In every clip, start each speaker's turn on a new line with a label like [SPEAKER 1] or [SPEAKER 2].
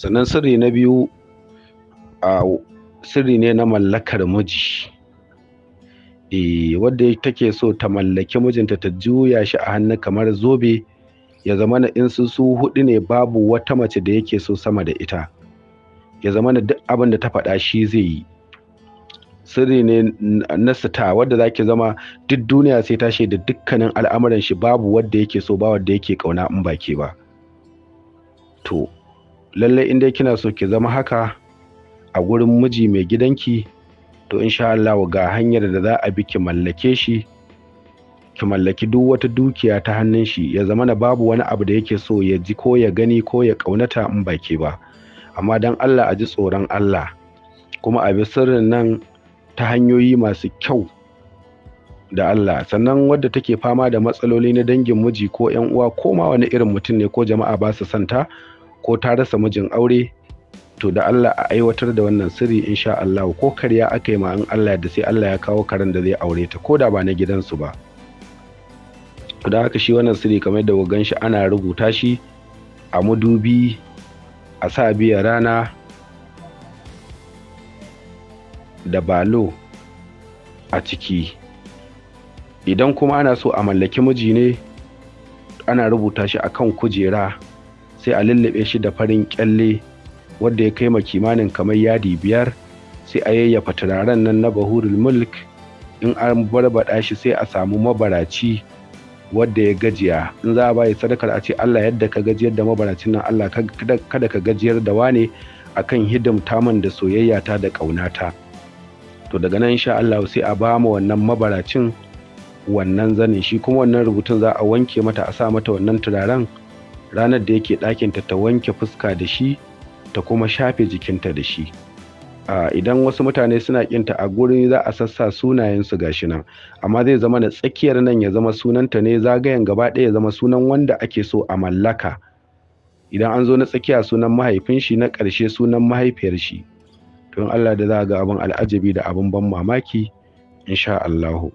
[SPEAKER 1] sannan sirri na biyu a sirri ne na mallakar miji e wadda take so ta mallaki mijinta ta juya shi a hannu kamar zobe ya zama na in su su hudu ne babu wata mace da yake so sama da ita ya zama na duk abin da ta faɗa shi zai yi sirri ne na sita wadda zaki zama duk duniya sai ta da dukkanin al'amuran shi babu wadda yake so ba wadda yake kauna in baki ba to lallai in dai kina so ki zama haka a gurin miji mai gidanki to insha Allah ga hanyar da za a bi ki mallake shi ki mallaki duk wata dukiya ta hannun shi ya zama na babu wani abu da yake so ya ji ko ya gani ko ya kaunata in ba ke ba amma dan Allah a ji tsoron Allah kuma a bi sirrin nan ta hanyoyi masu kyau da Allah sannan wadda take fama da matsaloli na dangin miji ko yan uwa ko ma wani irin mutum ne ko jama'a ba su santa ko ta rasa mijin aure to da Allah a aiwatar da wannan sirri insha Allah ko karya aka yi ma in Allah da sai Allah ya kawo karen da zai aure ta ko da ba na gidansu ba da haka shi wannan sirri kamar da gan shi ana rubuta shi a madubi a sa biya rana da balo a ciki idan kuma ana so a mallaki miji ne ana rubuta shi a kan kujera sai a lullube shi da farin kyalle wadda ya kai ma kimanin kamar yadi biyar sai a yayyafa turaren nan na bahurul mulk in an barbaɗa shi sai a samu mabaraci wadda ya gajiya in za a bayi sadakar a ce Allah yadda ka gajiyar da mabaracin nan Allah kada ka gajiyar da wane akan hidimta min da soyayya ta da ƙaunata to daga nan sha Allah sai a ba mu wannan mabaracin wannan zanin shi kuma wannan rubutun za a wanke mata a sa mata wannan turaren ranar da yake ɗakinta ta wanke fuska da shi ta kuma shafe jikinta da shi idan wasu mutane suna kinta a guri za a sassa sunayensu gashi nan amma zai zama na tsakiyar nan ya zama sunanta ne zagayen gaba ɗaya ya zama sunan wanda ake so a mallaka idan an zo na tsakiya sunan mahaifin shi na ƙarshe sunan mahaifiyar shi to in Allah da za ga abin al'ajabi da abin ban mamaki insha Allahu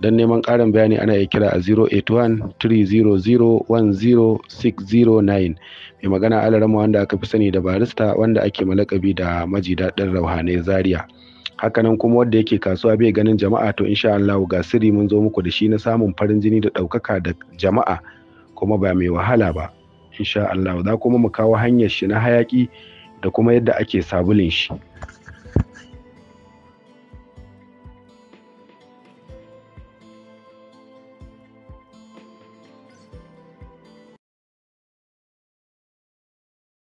[SPEAKER 1] don neman ƙarin bayani ana iya kira a 081-300-10609 mai magana alarama wanda aka fi sani da barista wanda ake malakabi da maji daɗin rauhanai zaria hakanan kuma wanda yake kasuwa bai ganin jama'a to insha Allah ga sirri mun zo muku da shi na samun farin jini da ɗaukaka da jama'a kuma ba mai wahala ba insha Allah za kuma mu kawo hanyar shi na hayaki da kuma yadda ake sabulin shi